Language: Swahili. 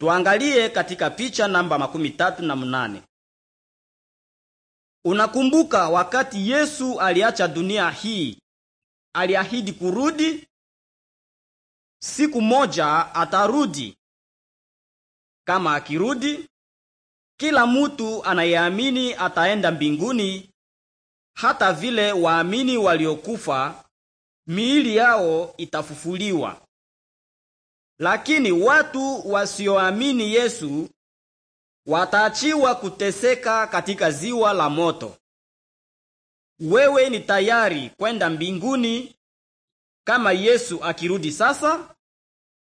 Tuangalie katika picha namba makumi tatu na mnane. Unakumbuka wakati Yesu aliacha dunia hii, aliahidi kurudi. Siku moja atarudi. Kama akirudi, kila mutu anayeamini ataenda mbinguni, hata vile waamini waliokufa miili yao itafufuliwa. Lakini watu wasioamini Yesu wataachiwa kuteseka katika ziwa la moto. Wewe ni tayari kwenda mbinguni kama Yesu akirudi sasa?